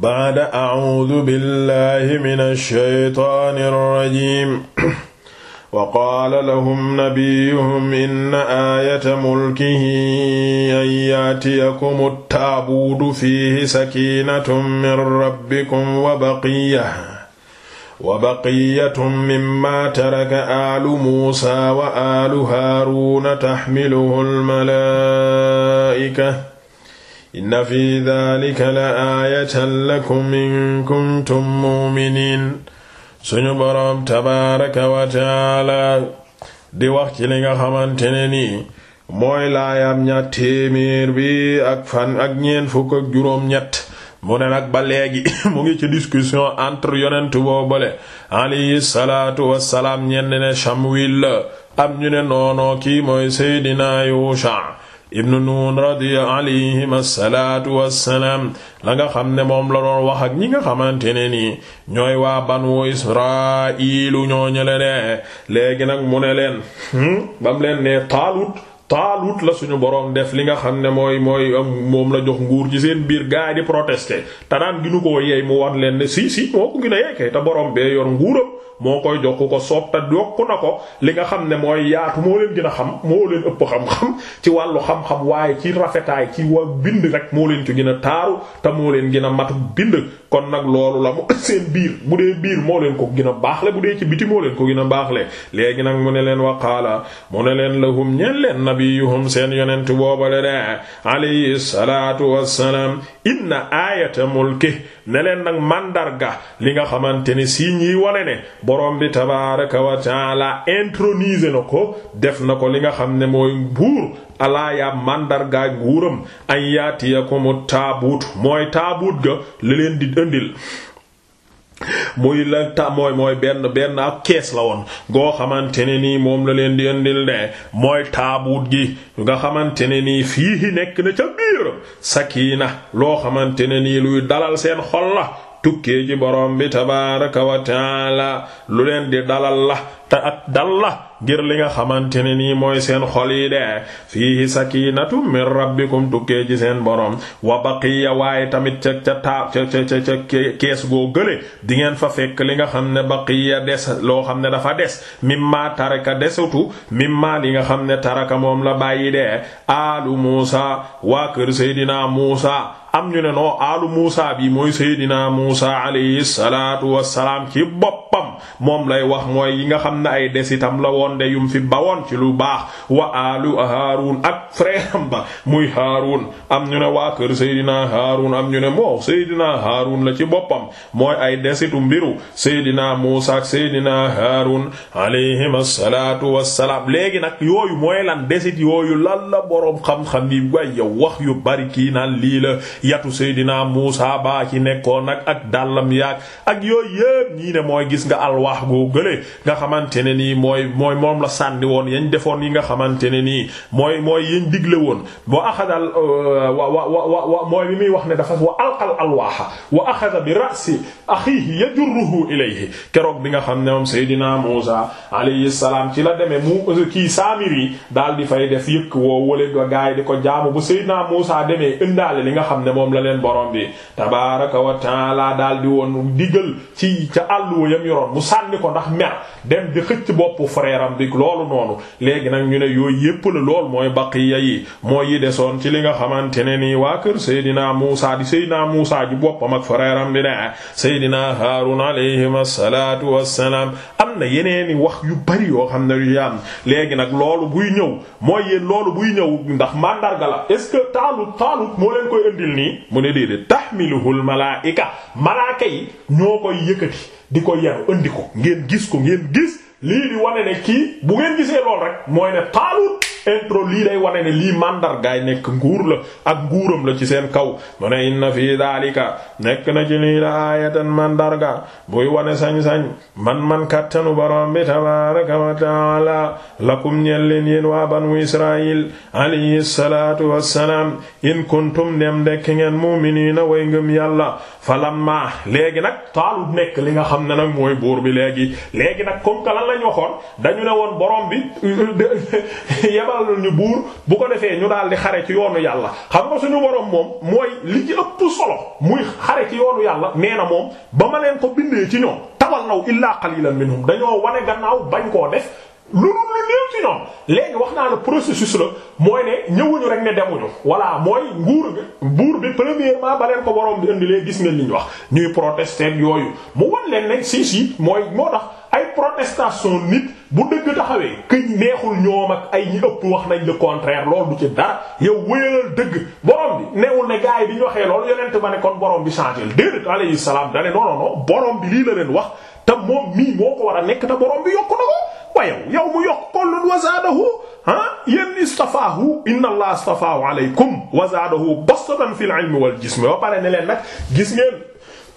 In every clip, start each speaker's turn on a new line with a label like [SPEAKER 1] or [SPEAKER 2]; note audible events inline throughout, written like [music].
[SPEAKER 1] ba'da a'uudu billahi mina shaytaani rajiim [coughs] wa qaala lahum nabiyuhum inna aayata mulkihi an yaatiyakumu taabuutu fiihi sakiinatun min rabbikum wa baqiyya wa baqiyatun mimmaa taraka aalu muusaa wa aalu haaruuna taxmiluhu al-malaa'ika inna fi dhalika la aayatan lakum in kuntum mu'miniin suñu boroom tabaaraka wa di wax ci nga xamante ne ni mooy laayam ñaar téeméer bi ak fan ak ñeent fukk ak juróom ñett mu ne ba léegi [coughs] mu ngi ci discussion entre yonent boobale alayhi salaatu wassalaam ñenn ne Shamwil la ñu ne noonoo kii mooy Seydina Yusha ibnu nuun radiya alayhim assalaatu wassalaam la nga xam ne moom la doon wax ak ñi nga xamante ne nii ñooy waa banu israilu ñoo ñële ne léegi nag mu ne leen hmm, bam leen ne taalut Taalut la suñu boroom def li nga xam ne mooy mooy moom la jox nguur ci seen biir gaay di protester te daan ginu koo yeey mu war leen ne si si moo ko gën a te boroom bee yor nguuram moo koy jox ko soob te yokk na ko li nga xam ne mooy yaatu moo leen gën a xam moo leen ëpp xam-xam ci wàllu xam-xam waaye ci rafetaay ci wa bind rek moo leen ci gën a taaru te moo leen gën a matu bind kon nag loolu la mu [laughs] seen biir bu dee biir moo leen ko gën a baaxle bu dee ci biti moo leen ko gën a le léegi nag mu ne leen waqaala mu ne leen nabiyuhum seen yonent boobale de alayhi salaatu wassalaam inna aayata mulki ne leen nag mandarga li nga xamante ne si ñiy wone ne borom bi tabaaraka wa taala ko def na ko li nga xam ne mooy buur alaa ya mandargaay nguuram ay yaatiyakumu taabuut mooy taabuut ga li leen di ëndil muy lan ta mooy mooy benn benn ak kees la woon goo xamante ne nii moom la leen di indil ne mooy taabuut gi nga xamante ne nii fii nekk na ca biir sakiina loo xamante ne nii luy dalal seen xol la tukkee ji borom bi tabaaraka wa taala lu leen di dalal la ta at dal la ngir li nga xamante ne nii mooy seen xol yi de fiihi sakiinatu min rabbikum tukkee ci seen borom wa baqiya waaye tamit ca ca taa ca ca ca ca kees goo gële di ngeen fa fekk li nga xam ne baqiya des loo xam ne dafa des mimma taraka desutu mimma li nga xam ne taraka moom la bàyyi de alu Muusa waa kër Seydina Muusa am ñu ne noo alu Muusa bi mooy Seydina Muusa alayhi salaatu wassalaam ci boppam moom lay wax mooy yi nga xam ne ay des itam la woon woon de yum fi bawoon ci lu baax wa alu haarun ak frère am ba muy haarun am ñu ne waa kër Seydina haarun am ñu ne moo Seydina haarun la ci boppam mooy ay desitu mbiru Seydina Muusa ak Seydina haarun alayhim assalaatu wassalaam léegi nag yooyu mooy lan desit yooyu lan la boroom xam-xam yi way yow wax yu bari kii naan lii la yatu Seydina Muusa baa nekkoon nag ak dàllam yaak ak yooyu yépp ñii ne mooy gis nga alwaax goo gële nga xamante ne nii mooy mooy moom la sànni woon yañ defoon yi nga xamante ne nii mooy mooy yañ digle woon boo axadal euh, wa wa wa wa mooy li muy wax ne dafa wa alqal alwaaxa wa axada bi ra'si axiihi yajurruhu ilayhi keroog bi nga xam ne moom Seydina Muusa alayhi salaam ci la demee mu euh, kii Saamiri daal di fay def yëkk woo wala gaay di ko jaamu bu Seydina Muusa demee indaale li nga xam ne moom la leen borom bi tabaaraka wa taala daal di woon digal ci ca àll mu sànni ko ndax mer dem di xëcc yaram bi loolu noonu léegi nag ñu ne yooyu yépp la lool mooy baqiya yi mooy yi desoon ci li nga xamante ne nii waa kër Seydina Muusa di Seydina Muusa ji boppam ak frère am di ne Seydina Haarun alayhim assalaatu wassalaam am na yeneeni wax yu bari yoo xam ne yu yaam léegi nag loolu buy ñëw mooy yéen loolu buy ñëw ndax mandarga la est-ce que taalut taalut moo leen koy indil nii mu ne déedéet tahmiluhul malaa'ika malaaka yi ñoo koy yëkkati di ko yaru lii di wane ne kii bu ngeen gisee lool rek mooy ne Taalut intro lii day wane ne lii màndargaay nekk nguur la ak nguuram la ci seen kaw mu ne inna fii daalika nekk na ci lii la aayatan màndarga buy wane sañ-sañ man-man kàttanu borom bi tabaraka wa taala lakum ñeen leen yéen waa banu israil alayhi salaatu wassalaam in kuntum dem dekk ngeen mu'miniina way ngëm yàlla falamma léegi nag taalut nekk li nga xam ne nag mooy buur bi léegi léegi nag comme que lan lañ waxoon dañu ne woon borom bi [laughs] demalal ñu buur bu ko defee ñu daal di xare ci yoonu yàlla xam nga suñu borom moom mooy li ci ëpp solo muy xare ci yoonu yàlla nee na moom ba ma leen ko bindee ci ñoom tawallaw illaa qalilan minhum dañoo wane gannaaw bañ koo def lu lu wax naa la processus la mooy ne ñëwuñu rek ne demuñu voilà mooy nguur buur bi premièrement ba leen ko borom bi lee gis ngeen li ñu wax ñuy protester yooyu mu wan leen ne si si mooy moo tax. contestation nit bu dëgg taxawee këñ neexul ñoom ay ñi ëpp wax nañ le contraire loolu du ci dara yow wéyalal dëgg borom bi neewul ne gars yi bi ñu waxee loolu yonent ma ne kon borom bi changé déedéet alayhi salaam dane non non non bi lii la leen wax te moom mii moo ko war a nekk te borom bi yokk na ko waaye yow mu yokk kullun wa zaadahu ah yéen istafaahu inna allah istafaahu aleykum wa zaadahu bastatan fil ilmi wal jismi ba pare ne leen nag gis ngeen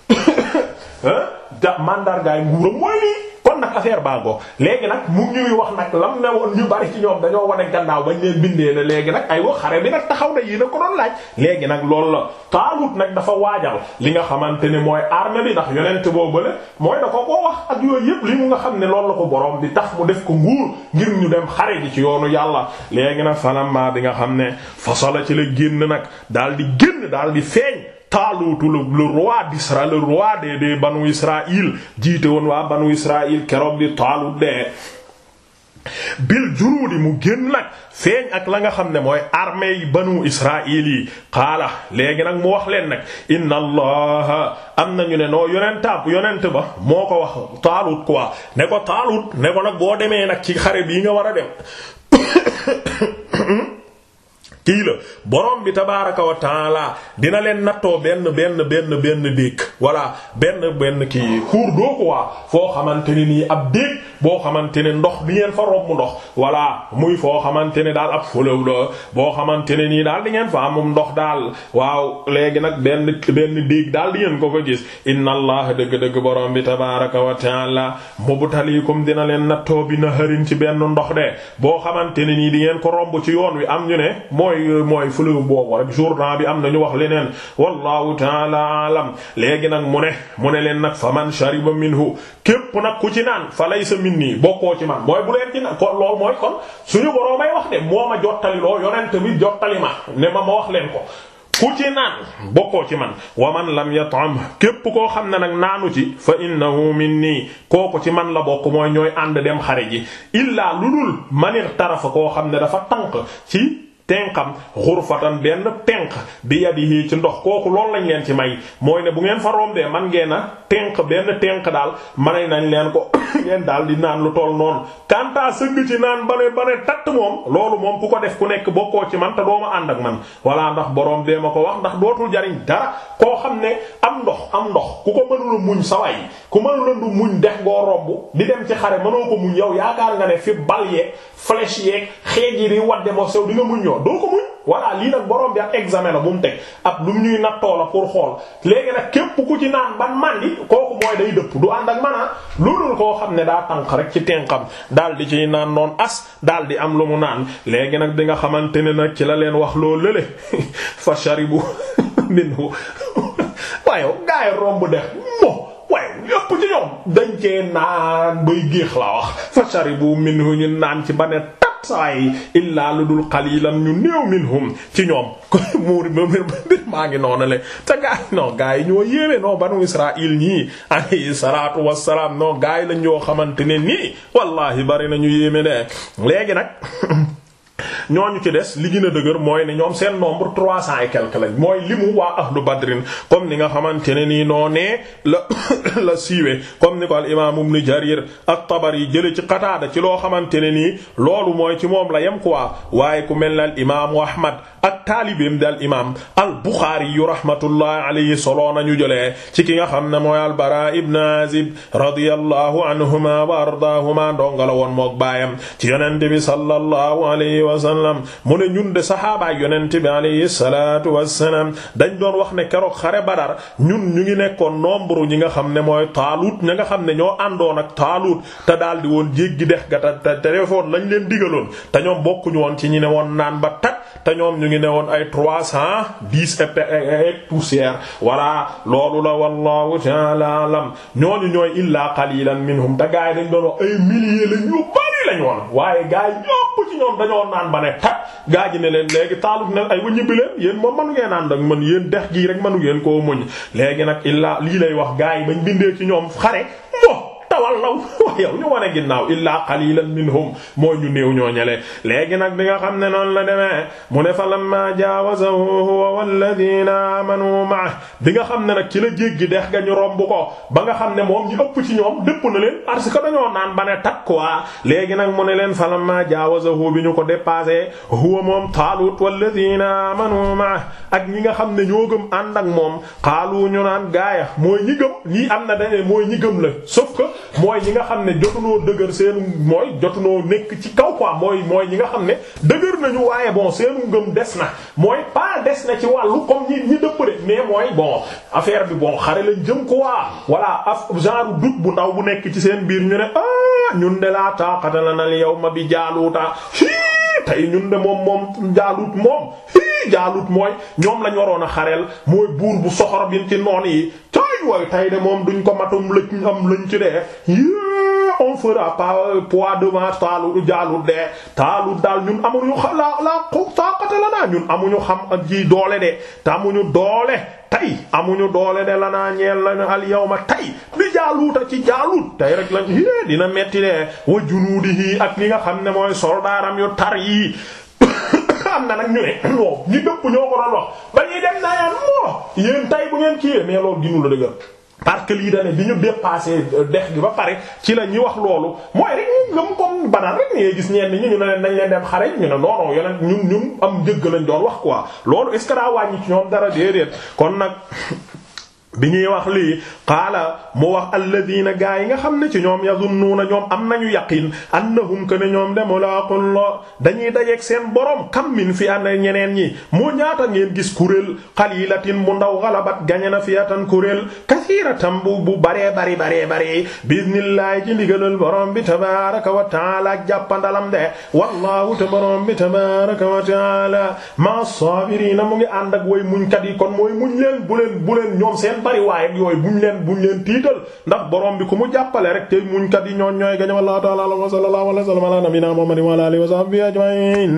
[SPEAKER 1] [coughs] da mandargaay nguuram mooy lii kon nag affaire bango léegi nag mu ngi ñuy wax nag lam ne woon ñu bari ci ñoom dañoo wane gannaaw bañ leen bindee ne léegi nag ay wax xare bi nag taxaw na yéen a ko laaj léegi nag loolu la taalut nag dafa waajal li nga xamante ne mooy armée bi ndax yonent boobale mooy da ko koo wax ak yooyu yëpp li mu nga xam ne loolu la ko boroom bi tax mu def ko nguur ngir ñu dem xare ji ci yoonu yàlla léegi nag fanam ma bi nga xam ne fasala ci la génn nag daal di génn daal di feeñ taaluutu le roi d'Israël le roi des des banu Israël jiite woon waa banu Israël keroog di taalut dee bil junuudi mu génn nag feeñ ak la nga xam ne mooy armée yi banu israil yi qaala léegi nag mu wax leen nag inna allaha am nañu ne noo yonentaab yonent ba moo ko wax taalut quoi ne ko taalut ne ko nag boo demee nag ci xare bii nga war a dem [coughs] kii la borom bi tabaaraka wa taala dina leen nattoo benn benn benn benn déeg walla benn benn kii doo d'eau quoi foo xamante ne nii ab déeg boo xamante ne ndox di ngeen fa ndox walla muy foo xamante ne daal ab fëlew boo xamante ne nii daal di ngeen fa amum ndox daal waaw léegi nag benn benn déeg daal di ngeen ko fa gis inna allah dégg dëgg borom bi tabaaraka wa taala mubtaliikum dina leen nattoo bi na naharin ci benn ndox de boo xamante ne nii di ngeen ko romb ci yoon wi am ñu ne mooy mooy mooy fleuve boobu rek journal bi am nañu wax leneen wallahu taala alam léegi nag mu ne mu ne leen nag fa man shariba minhu képp nag ku ci naan fa laysa minni bokkoo ci man mooy bu leen ci naan kon loolu mooy kon suñu borom may wax de moo ma jottali loo yonent bi jottali ma ne ma ma wax leen ko ku ci bokkoo ci man wa man lam yatam képp koo xam ne nag naanu ci fa innahu minni kooku ci man la bokk mooy ñooy ànd dem xare ji illaa lu dul manir tarafa koo xam ne dafa tànq ci tenqam xurfatan benn tenq bi yadihi ci ndox kooku loolu lañ leen ci may mooy ne bu ngeen fa rombee man ngeen a tenq benn tenq daal manay nañ leen ko [coughs] ngeen daal di naan lu toll noonu kanta sëgg ci naan bane bane tatt moom loolu moom ku ko def ku nekk bokkoo ci man te ma ànd ak man walla ndax borom bee ma ko wax ndax dootul jariñ dara koo xam ne am ndox am ndox ku ko mënula muñ saway ku mënula du muñ dex goo romb di dem ci xare mënoo ko muñ yow yaakaar nga ne fi bal muñ million doo ko muñ voilà lii nag borom bi ab examen la bu mu teg ab lu mu ñuy nattoo la pour xool léegi nag képp ku ci naan ban mandi kooku mooy day dëpp du ànd ak manaa ah loolu koo xam ne daa tànq rek ci tenqam daal di naan noon as daal di am lu mu naan léegi nag di nga xamante ne nag ci la leen wax loo lële [laughs] fa sharibu [laughs] minhu [laughs] waaye gaay romb dex mo waaye yëpp ci ñoom dañ cee naan bay géex la wax fa sharibu minhu ñu naan ci ba ne sawaay illaa lu dul qalilan ñu néew minhum ci ñoom ko muur mbir maa ngi noonu le te gaay non gaay ñoo yéeme non banu israil ñii alayhi salaatu wassalaam non gaay lañ ñoo xamante ne nii wallaahi bari nañu yéeme de léegi nag ñooñu ci des li dëgër mooy ne ñoom seen nombre trois cent et quelque mooy limu waa ahlu badrin comme ni nga xamante ne nii noonee la [coughs] la siiwee comme ni ko al imaam ibn jarir at-Tabari jële ci Qataada ci loo xamante ne nii loolu mooy ci moom la yem quoi waaye ku mel ne al imaamu Ahmad ak taalibeem di al imaam al Buxaari yu rahmatullahi alayhi na ñu jëlee ci ki nga xam ne mooy al Baraa ibn Azib radiyallahu anhuma wa ardaahuma ndonga la woon mook baayam ci yonent bi sallallahu alayhi wa wasallam mu ne ñun de saxaabaay yonent bi alayhi salaatu wassalaam dañ doon wax ne keroog xare Badar ñun ñu ngi nekkoon nombre ñi nga xam ne mooy taalut ña nga xam ne ñoo àndoon ak taalut te daal di woon jéggi dex ga te te defoon lañ leen digaloon te ñoom bokkuñu woon ci ñi ne woon naan ba tag te ñoom ñu ngi ne woon ay trois cent dix et poussière voilà loolu la wallahu ta'ala alam ñooñu ñooy illaa qalilan minhum te gaay dañ doon wax ay milliers lañ ñu waaye gaay ñëpp ci ñoom dañoo naan ba ne tag gaa ji ne leen léegi taalub ne ay wa ñibbi leen yéen moom manu ngeen ànd ak man yéen dex gii rek manu ngeen koo muñ léegi nag illaa lii lay wax gaa yi bañ bindee ci ñoom xare tawallaw [laughs] yow ñu wane ginnaaw illaa qalilan minhum mooy ñu néew ñoo ñele léegi nag bi nga xam ne noonu la demee mu ne fa lamma jaawazahu huwa walladina amanu maah bi nga xam ne nag ci la gi dex ga ñu romb ko ba nga xam ne moom ñu ëpp ci ñoom dëpp na leen parce que dañoo naan ba ne tak quoi léegi nag mu ne leen fa lamma jaawazahu bi ñu ko dépassé huwa moom taalut walladina amanu maah ak ñi nga xam ne ñoo gëm ànd ak moom xaalu ñu naan gaaya mooy ñi gëm am na mooy ñi nga xam ne jotunoo dëgër seen mooy jotunoo nekk ci kaw quoi mooy mooy ñi nga xam ne dëgër nañu waaye bon seenu ngëm des na mooy pas des na ci wàllu comme ñi ñi dëppale mais mooy bon affaire bi bon xare lañ jëm quoi voilà af genre doute bu ndaw bu nekk ci seen biir ñu ne ah ñun de laa taaqata lanal ma bi jaaluuta tey ñun de moom moom jaalut moom jaalut mooy ñoom lañu waroon a xareel mooy buur bu soxor bi ci noon yi way tay de moom duñ ko matum lëj am luñ ci dee on fera pas euh, poids devant taalu jaalu dee taalu daal ñun amuñu la la taaqata lanaa ñun amuñu xam ak ji doole de te amuñu doole tey amuñu doole de lanaa ñeel lañu al yawma tey bi jaaluuta ci jaalut tey rek lañ dina metti de wa junuudihi ak li nga xam ne mooy soldaaram yu tar yi am na nag ñu ne [coughs] bon ñu dëpp ñoo ko doon wax ba ñuy dem naa yaan moo yéen tay bu ngeen kiiwee mais loolu ginu la dëgër parce que lii dane bi ñu dépassé euh, dex gi ba pare ci la ñuy wax loolu mooy rek ñu gëm comme banaan rek ne gis ñeen ñi ñu ne nañ leen dem xare ñu ne non non yonent ñun ñun am jëgg lañ doon wax quoi loolu est ce que daa wàññi ci ñoom dara déedéet kon nag bi ñuy wax lii qaala mu wax alladina gaa yi nga xam ne ci ñoom yazunnuuna ñoom am nañu yaqin annahum kana ñoom de mulaaqullaa dañuy dajeeg seen borom kam min fi an ñeneen ñi moo ñaata ngeen gis kuréel qalilatin bu ndaw ghalabat gañe na fiyatan kuréel kasiiratan bu bu baree bari baree baree bismillaahi ci ndigalal borom bi tabaaraka wa taala ak jàppandalam de wallaahu te borom bi tabaaraka wa taala ma saabiriina mu ngi ànd ak way muñ kat yi kon m muñ leen bari waaye yooyu buñ leen buñ tiital ndax borom bi ku mu jàppale rek te muñkat yi ñoon ñooy gañu wallahu ta'ala wa sallallahu alayhi wa sallam ala nabina muhammadin wa ala